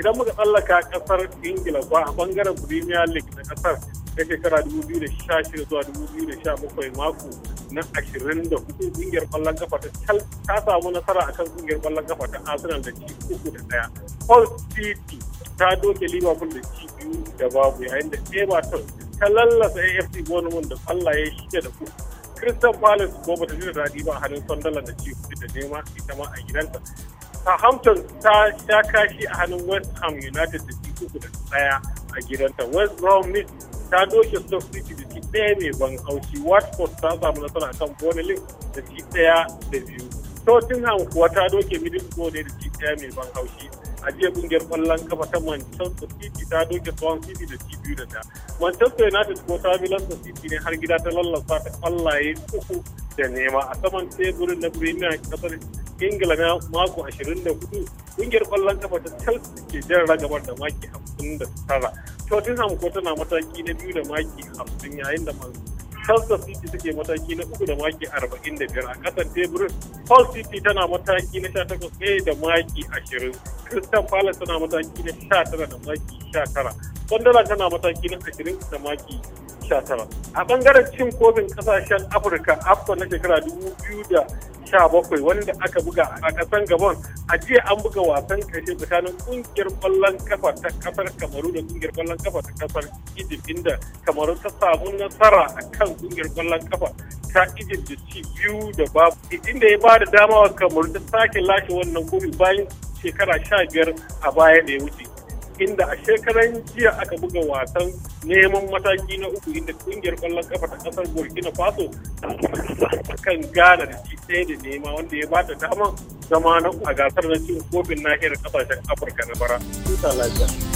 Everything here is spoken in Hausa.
idan muka tsallaka kasar ingila kuwa a bangaren premier league na kasar ta shekara 2016 zuwa 2017 mako na 24 ƙungiyar kwallon kafa ta ta samu nasara akan ƙungiyar kwallon kafa ta arsenal da ci uku da daya hull city ta doke liverpool da ci biyu da babu yayin da everton ta lallasa afc bournemouth da ya shida da ku. crystal palace ko bata jira da daɗi ba a hannun sandalan da ci da nema ita ma a gidanta Southampton ta sha kashi a hannun West Ham United da ci da ɗaya a gidanta. West Bromwich ta doke Stoke City da ci ɗaya mai ban haushi. Watford ta samu nasara kan Burnley da ci ɗaya da biyu. Tottenham kuwa ta doke Middlesbrough ne da ci ɗaya mai ban haushi. a jiya kungiyar kwallon kafa ta Manchester City ta doke Swan City da ci biyu da ta. Manchester United ko ta bi Leicester City ne har gida ta lallasa ta kwallaye uku da nema a saman teburin na Premier kasar ingila na mako 24 kungiyar kwallon kafa ta chelsea ke jan ragamar da maki 59 tottenham ko tana mataki na biyu da maki 50 yayin da man chelsea City take mataki na uku da maki 45 a kasan tebur Hull City tana mataki na 18 ne eh, da maki 20. Crystal Palace tana mataki na 19 da maki 19. kwandala tana mataki na 20 da maki 19 a bangaren cin kofin kasashen afirka afcon na shekara 2017 wanda aka buga a kasan gabon a jiya an buga wasan karshe tsakanin kungiyar kwallon kafa ta kasar kamaru da kungiyar kwallon kafa ta kasar egypt inda kamaru ta samu nasara a kan kungiyar kwallon kafa ta egypt da ci biyu da babu inda ya ba da dama wa kamaru ta sake lashe wannan kofi bayan shekara sha biyar a baya da ya wuce inda a shekaran jiya aka buga wasan neman mataki na uku inda kungiyar kwallon kafa ta kasar burkina faso kan gana da shi sai da nema wanda ya bata dama zama na a gasar na cin kofin nahiyar kasashen afirka na bara.